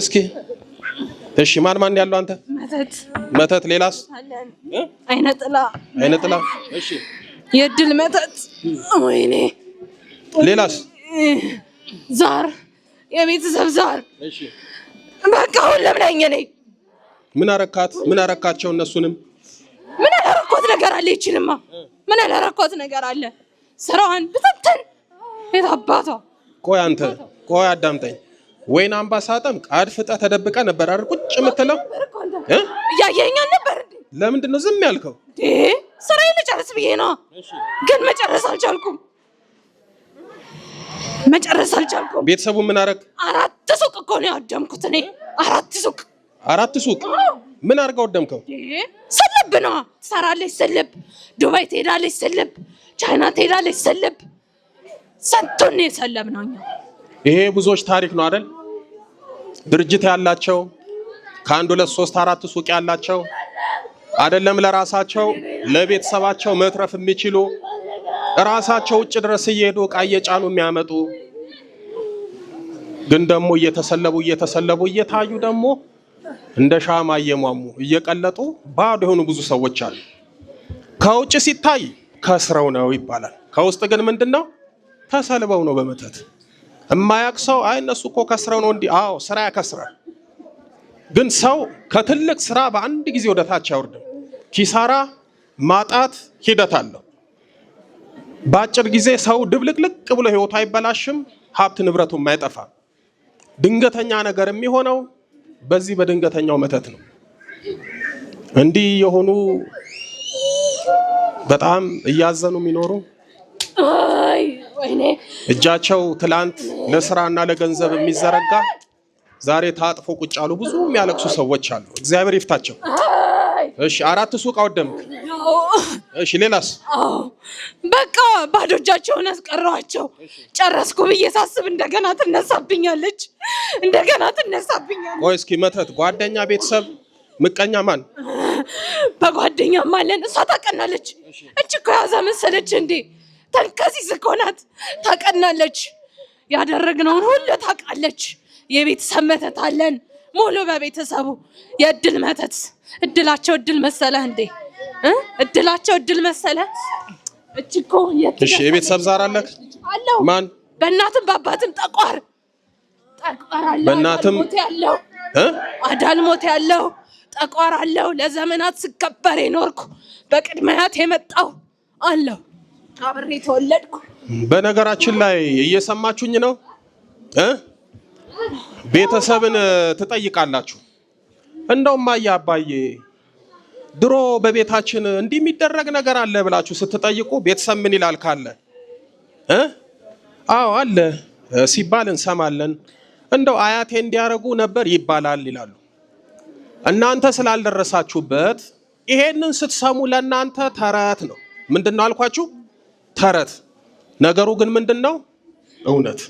እስኪ እሺ፣ ማን ማን ያለው አንተ? መተት መተት፣ ሌላስ? አይነ ጥላ አይነ ጥላ። እሺ፣ የድል መተት። ወይኔ፣ ሌላስ? ዛር፣ የቤተሰብ ዛር። እሺ፣ በቃ ሁሉም ነኝ እኔ። ምን አረካት? ምን አረካቸው? እነሱንም ምን አላረኳት ነገር አለ? ይችልማ ምን አላረኳት ነገር አለ? ስራዋን ብትትን የታባቷ። ቆይ አንተ፣ ቆይ አዳምጠኝ ወይን አምባሳ ቃድ አድፍጠህ ተደብቀ ነበር አይደል? ቁጭ የምትለው እያየኸኝ ነበር። ለምንድን ነው ዝም ያልከው? ስራዬን ልጨርስ ብዬ ነው፣ ግን መጨረስ አልቻልኩም። መጨረስ አልቻልኩም። ቤተሰቡ ምን አደረግ? አራት ሱቅ እኮ ነው ያወደምኩት እኔ። አራት ሱቅ አራት ሱቅ ምን አድርገው ወደምከው? ስልብ ነው ትሰራለች፣ ስልብ ዱባይ ትሄዳለች፣ ስልብ ቻይና ትሄዳለች፣ ስልብ ስንቱን የሰለብ ነው እኛ ይሄ ብዙዎች ታሪክ ነው አይደል? ድርጅት ያላቸው ከአንድ ሁለት ሶስት አራት ሱቅ ያላቸው አይደለም ለራሳቸው ለቤተሰባቸው መትረፍ የሚችሉ ራሳቸው ውጭ ድረስ እየሄዱ እቃ እየጫኑ የሚያመጡ ግን ደግሞ እየተሰለቡ እየተሰለቡ እየታዩ ደግሞ እንደ ሻማ እየሟሙ እየቀለጡ ባዶ የሆኑ ብዙ ሰዎች አሉ። ከውጭ ሲታይ ከስረው ነው ይባላል። ከውስጥ ግን ምንድን ነው? ተሰልበው ነው በመተት እማያቅ ሰው አይ እነሱ እኮ ከስረው ነው እንዲህ። አዎ ስራ ያከስራል። ግን ሰው ከትልቅ ስራ በአንድ ጊዜ ወደ ታች አይወርድም። ኪሳራ፣ ማጣት ሂደት አለው። በአጭር ጊዜ ሰው ድብልቅልቅ ብሎ ህይወቱ አይበላሽም፣ ሀብት ንብረቱም አይጠፋ። ድንገተኛ ነገር የሚሆነው በዚህ በድንገተኛው መተት ነው። እንዲህ የሆኑ በጣም እያዘኑ የሚኖሩ እጃቸው ትላንት ለስራና ለገንዘብ የሚዘረጋ ዛሬ ታጥፎ ቁጭ አሉ ብዙ የሚያለቅሱ ሰዎች አሉ። እግዚአብሔር ይፍታቸው። እሺ፣ አራት ሱቅ አወደምክ። እሺ፣ ሌላስ? በቃ ባዶ እጃቸውን አስቀረዋቸው። ጨረስኩ ብዬ ሳስብ እንደገና ትነሳብኛለች፣ እንደገና ትነሳብኛለች። ቆይ እስኪ መተት፣ ጓደኛ፣ ቤተሰብ፣ ምቀኛ ማን? በጓደኛ ማለን እሷ ታቀናለች። እች እኮ ያዛ መሰለች እንዴ ተንከሲስ እኮ ናት። ታቀናለች። ያደረግነውን ሁሉ ታውቃለች። የቤተሰብ መተት አለን ሙሉ በቤተሰቡ የእድል መተት። እድላቸው እድል መሰለ እንዴ? እድላቸው እድል መሰለ። እቺ እኮ የቤተሰብ ዛር አለክ አለው። ማን በእናትም በአባትም ጠቋር በእናትም ያለው አዳልሞት ያለው ጠቋር አለው። ለዘመናት ስከበር የኖርኩ በቅድመያት የመጣው አለው አብሬ ተወለድኩ። በነገራችን ላይ እየሰማችሁኝ ነው እ ቤተሰብን ትጠይቃላችሁ። እንደውም ማየ አባዬ ድሮ በቤታችን እንዲህ የሚደረግ ነገር አለ ብላችሁ ስትጠይቁ ቤተሰብ ምን ይላል ካለ እ አዎ አለ ሲባል እንሰማለን። እንደው አያቴ እንዲያረጉ ነበር ይባላል ይላሉ። እናንተ ስላልደረሳችሁበት ይሄንን ስትሰሙ ለእናንተ ተረት ነው። ምንድን ነው አልኳችሁ? ተረት ነገሩ ግን ምንድን ነው? እውነት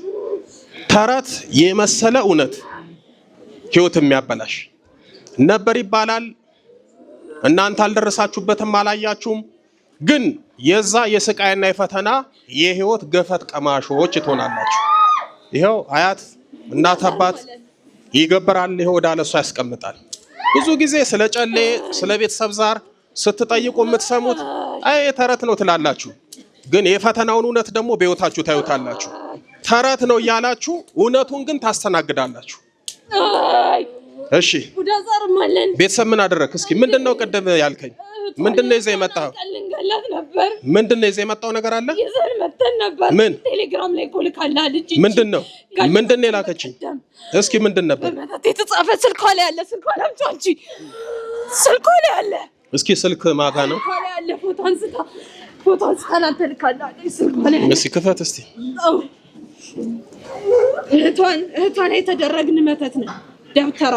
ተረት የመሰለ እውነት ህይወት የሚያበላሽ ነበር ይባላል። እናንተ አልደረሳችሁበትም፣ አላያችሁም። ግን የዛ የስቃይና የፈተና የህይወት ገፈት ቀማሾች ትሆናላችሁ። ይኸው አያት እናት አባት ይገብራል። ይኸው ወደ ያስቀምጣል። ብዙ ጊዜ ስለ ጨሌ ስለ ቤተሰብ ዛር ስትጠይቁ የምትሰሙት አይ ተረት ነው ትላላችሁ። ግን የፈተናውን እውነት ደግሞ በህይወታችሁ ታዩታላችሁ። ተረት ነው እያላችሁ እውነቱን ግን ታስተናግዳላችሁ። እሺ ቤተሰብ ምን አደረግ? እስኪ ምንድን ነው ቅድም ያልከኝ? ምንድን ነው ይዘህ የመጣኸው? ምንድን ነው ይዘህ የመጣኸው ነገር አለ? ምን ቴሌግራም ላይ እኮ ልካልሃለች። ምንድን ነው ምንድን ነው የላከችኝ? እስኪ ምንድን ነበር የተጻፈ? ስልኳ ላይ አለ። ስልኳ ላይ አለ። እስኪ ስልክ ማጋ ነው ላይ ፎቶ አንስታ ፎቶ ህጻናት ተልካላለች። ክፈት እስኪ። እህቷ ላይ የተደረግን መተት ነው ደብተራ።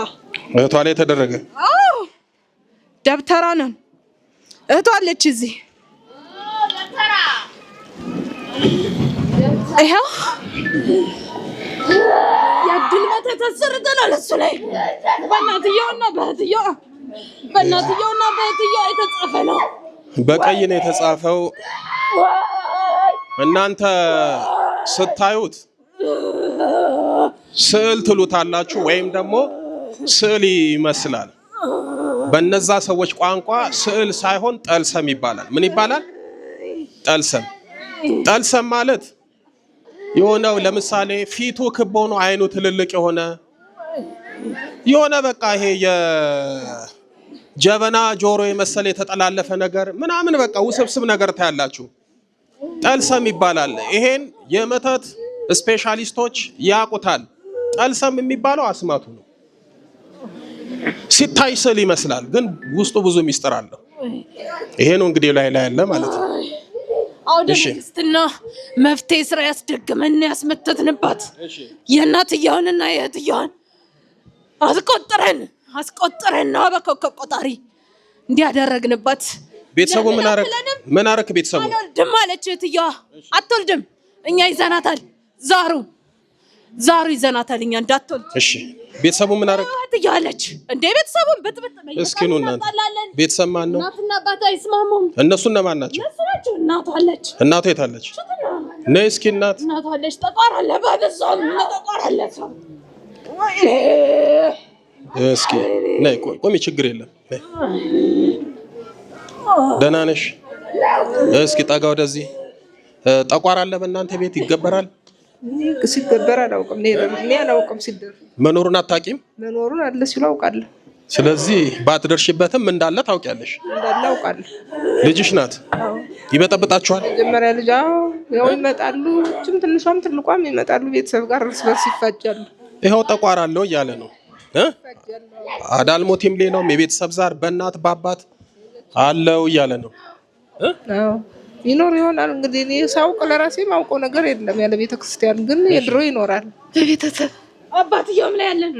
እህቷ ላይ የተደረገ ደብተራ ነን። እህቷ አለች እዚህ ይኸው የድል መተት አሰርተናል እሱ ላይ በእናትየውና በእህትየዋ በእናትየውና በእህትየዋ የተጻፈ ነው። በቀይ ነው የተጻፈው። እናንተ ስታዩት ስዕል ትሉታላችሁ ወይም ደግሞ ስዕል ይመስላል። በነዛ ሰዎች ቋንቋ ስዕል ሳይሆን ጠልሰም ይባላል። ምን ይባላል? ጠልሰም። ጠልሰም ማለት የሆነው ለምሳሌ ፊቱ ክብ ሆኖ አይኑ ትልልቅ የሆነ የሆነ በቃ ይሄ ጀበና ጆሮ የመሰለ የተጠላለፈ ነገር ምናምን በቃ ውስብስብ ነገር ታያላችሁ። ጠልሰም ይባላል። ይሄን የመተት ስፔሻሊስቶች ያቁታል። ጠልሰም የሚባለው አስማቱ ነው። ሲታይ ስዕል ይመስላል፣ ግን ውስጡ ብዙ ሚስጥር አለው። ይሄ ነው እንግዲህ ላይ ላይ ያለ ማለት ነው። አሁን ክርስትና መፍትሄ ስራ ያስደግመን ያስመተትንባት የእናትየዋንና የእህትየዋን አስቆጥረን አስቆጠረና በኮከብ ቆጣሪ እንዲያደረግንበት ቤተሰቡ ምን አረክ ምን አረክ? ቤተሰቡ አልወልድም አለች እህትየዋ። አትወልድም፣ እኛ ይዘናታል። ዛሩ ዛሩ ይዘናታል፣ እኛ እንዳትወልድ። እሺ ቤተሰቡ ምን አረክ? እህትየዋ አለች እንዴ ቤተሰቡን በጥብጥ እስኪ ነው እናንተ ቤተሰብ ማን ነው? እናትና አባት አይስማሙም። እነሱ እነማን ናቸው? እነሱ ናቸው። እናቷ አለች። እናቷ የት አለች? ነይ እስኪ እናት። እናቷ አለች። ጠቋር አለ፣ ባለዛም ጠቋር አለ ሰው እስኪ ነይ፣ ቆሚ፣ ችግር የለም። ደህና ነሽ? እስኪ ጠጋ ወደዚህ። ጠቋር አለ በእናንተ ቤት? ይገበራል? ሲገበር አላውቅም፣ እኔ አላውቅም። ሲደር መኖሩን አታውቂም? መኖሩን አለ ሲሉ አውቃለሁ። ስለዚህ ባትደርሽበትም እንዳለ ታውቂያለሽ? እንዳለ አውቃለሁ። ልጅሽ ናት? ይበጠብጣችኋል? መጀመሪያ ልጅ ያው ይመጣሉ፣ ትንሿም ትልቋም ይመጣሉ። ቤተሰብ ጋር እርስ በርስ ይፋጃሉ። ይኸው ጠቋር አለው እያለ ነው አዳልሞቴም ነው የቤተሰብ ዛር በእናት በአባት አለው እያለ ነው። ይኖር ይሆናል እንግዲህ እኔ ሳውቅ ለራሴ ማውቀው ነገር የለም ያለ ቤተ ክርስቲያን ግን የድሮ ይኖራል። በቤተሰብ አባትየውም ላይ ያለን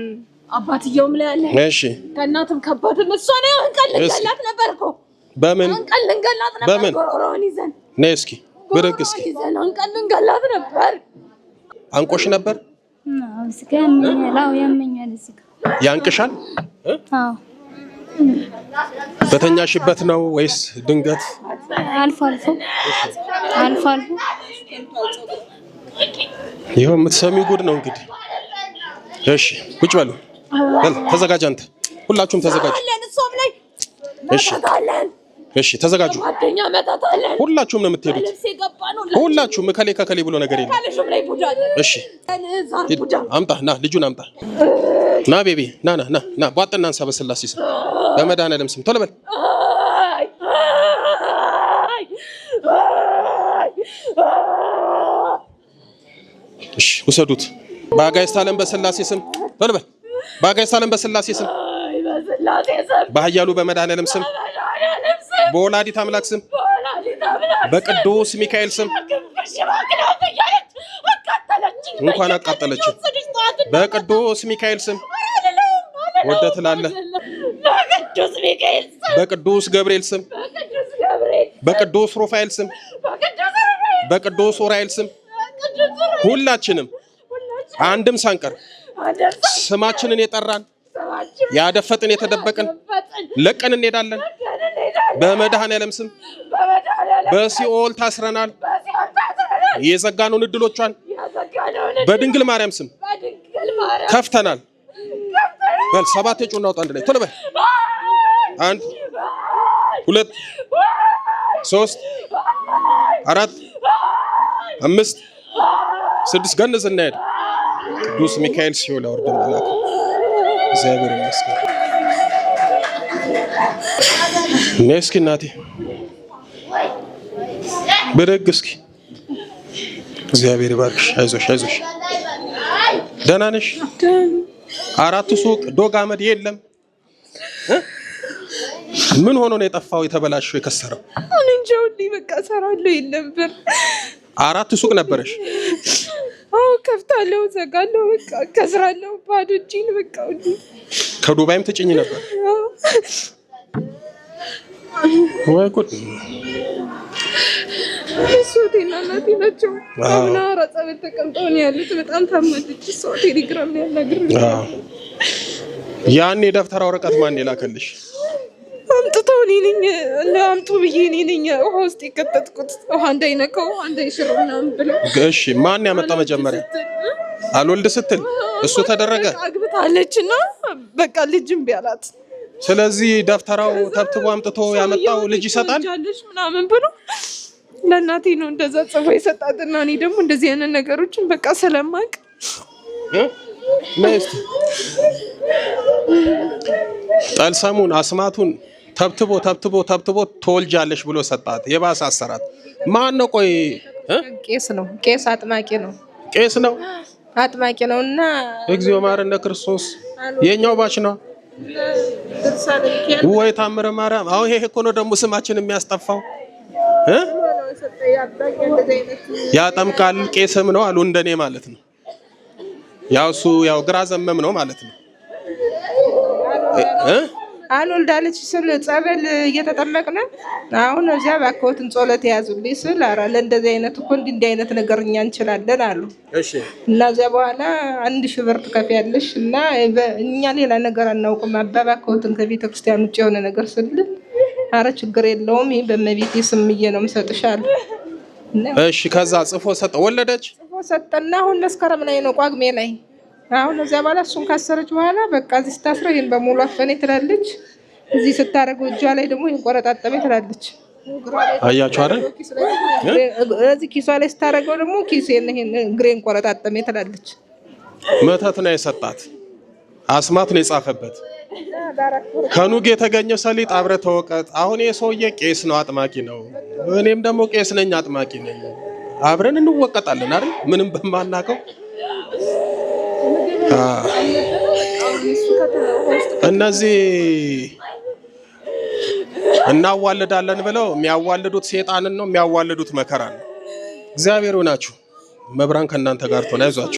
አባትየውም ላይ ያለ እሺ፣ ከእናትም ከባድ እሷ ነው። እንቀል እንገላት ነበር እኮ በምን እንቀል እንገላት ነበር በምን ጎሮሮን ይዘን ነይ እስኪ ብድግ እስኪ ይዘን እንቀል እንገላት ነበር። አንቆሽ ነበር ስጋ ያመኛል፣ ያምኛል ስጋ ያንቅሻል? በተኛሽበት ነው ወይስ ድንገት? አልፎ አልፎ አልፎ አልፎ። ይኸው የምትሰሚው ጉድ ነው እንግዲህ። እሺ ቁጭ በሉ። ተዘጋጅ አንተ፣ ሁላችሁም ተዘጋጅ። እሺ እሺ ተዘጋጁ። ሁላችሁም ነው የምትሄዱት። ሁላችሁም ከሌ ከከሌ ብሎ ነገር የለም። እሺ አምጣ፣ ና ልጁን አምጣ፣ ና ቤቢ፣ ና ና ና ና ቧጥና አንሳ። በስላሴ ስም በመድኃኒዓለም ስም ቶሎ በል። እሺ ውሰዱት። በአጋዕዝተ ዓለም በስላሴ ስም ቶሎ በል። በአጋዕዝተ ዓለም በስላሴ ስም፣ በኃያሉ በመድኃኒዓለም ስም በወላዲት አምላክ ስም በቅዱስ ሚካኤል ስም እንኳን አቃጠለችው። በቅዱስ ሚካኤል ስም ወደ ትላለህ። በቅዱስ ገብርኤል ስም፣ በቅዱስ ሩፋኤል ስም፣ በቅዱስ ኡራኤል ስም ሁላችንም አንድም ሳንቀር ስማችንን የጠራን ያደፈጥን የተደበቅን ለቀን እንሄዳለን። በመድኃኔዓለም ስም በሲኦል ታስረናል። የዘጋነውን እድሎቿን በድንግል ማርያም ስም ከፍተናል። በል ሰባት የጮህ እናውጣ። አንድ ላይ ቶሎ በል። አንድ ሁለት ሶስት አራት አምስት ስድስት ገንዝ እናሄድ ቅዱስ ሚካኤል ሲሆን ያወርደን። እግዚአብሔር ይመስገን። እስኪ እናቴ በደግ እስኪ እግዚአብሔር ይባርክሽ። አይዞሽ አይዞሽ። ደህና ነሽ? አራቱ ሱቅ ዶግ አመድ የለም። ምን ሆኖ ነው የጠፋው? የተበላሸው የከሰረው? አሁን እንጃው በቃ ሰራለሁ ይል ነበር። አራት ሱቅ ነበረሽ? አዎ ከፍታለሁ፣ ዘጋለሁ፣ በቃ ከስራለሁ። ባዶ እጄን በቃ ከዱባይም ትጭኝ ነበር ወይ ጉድ! እሷ እናቴ ናቸው። አምና አራጻ ቤት ተቀምጠው ነው ያሉት። በጣም ታማለች። እሷ ላይ ያኔ የደብተራ ወረቀት ማን የላከልሽ? አምጥተው እኔ ነኝ እና አምጡ ብዬ እኔ ነኝ ውሃ ውስጥ የከተትኩት ውሃ እንዳይነካው እንዳይሽር ምናምን ብለው። እሺ ማን ያመጣ መጀመሪያ? አልወልድ ስትል እሱ ተደረገ። አግብታለች እና በቃ ስለዚህ ደብተራው ተብትቦ አምጥቶ ያመጣው ልጅ ይሰጣል ምናምን ብሎ ለእናቴ ነው እንደዛ ጽፎ የሰጣትና እኔ ደግሞ እንደዚህ አይነት ነገሮችን በቃ ስለማቅ ጠልሰሙን አስማቱን ተብትቦ ተብትቦ ተብትቦ ትወልጃለሽ ብሎ ሰጣት። የባሰ አሰራት። ማን ነው? ቆይ ቄስ ነው። ቄስ አጥማቂ ነው። ቄስ ነው፣ አጥማቂ ነው። እና እግዚኦ ማርነ ክርስቶስ የኛው ባች ነው። ወይ ታምረ ማርያም። አሁን ይሄ እኮ ነው ደግሞ ስማችን የሚያስጠፋው። ያጠምቃል ቄስም ነው አሉ እንደኔ ማለት ነው። ያው እሱ ያው ግራ ዘመም ነው ማለት ነው። አልወልዳለች ስል ጸበል እየተጠመቅን አሁን እዚያ ባከወትን ጸሎት የያዙልኝ ስል ኧረ ለእንደዚህ አይነት እኮ እንዲህ እንዲህ አይነት ነገር እኛ እንችላለን አሉ እና እዚያ በኋላ አንድ ሺህ ብር ትከፍያለሽ እና እኛ ሌላ ነገር አናውቅም አባ ባከወትን ከቤተ ክርስቲያን ውጭ የሆነ ነገር ስል አረ ችግር የለውም ይህ በመቤቴ ስምዬ ነው ምሰጥሻል እሺ ከዛ ጽፎ ሰጠ ወለደች ጽፎ ሰጠና አሁን መስከረም ላይ ነው ቋግሜ ላይ አሁን እዚያ በኋላ እሱን ካሰረች በኋላ በቃ እዚህ ስታስረው ይህን በሙሉ አፈኔ ትላለች። እዚህ ስታደርገው እጇ ላይ ደግሞ ይህን ቆረጣጠመ ትላለች። አያችሁ አይደል? እዚህ ኪሷ ላይ ስታደርገው ደግሞ ኪሴ ይህን ግሬን ቆረጣጠሜ ትላለች። መተት ነው የሰጣት፣ አስማት ነው የጻፈበት። ከኑግ የተገኘ ሰሊጥ አብረ ተወቀጥ። አሁን የሰውዬ ቄስ ነው አጥማቂ ነው። እኔም ደግሞ ቄስ ነኝ አጥማቂ ነኝ። አብረን እንወቀጣለን አይደል? ምንም በማናቀው እነዚህ እናዋልዳለን ብለው የሚያዋልዱት ሴጣንን ነው የሚያዋልዱት መከራ ነው። እግዚአብሔር ሆናችሁ መብራን ከእናንተ ጋር ትሆን።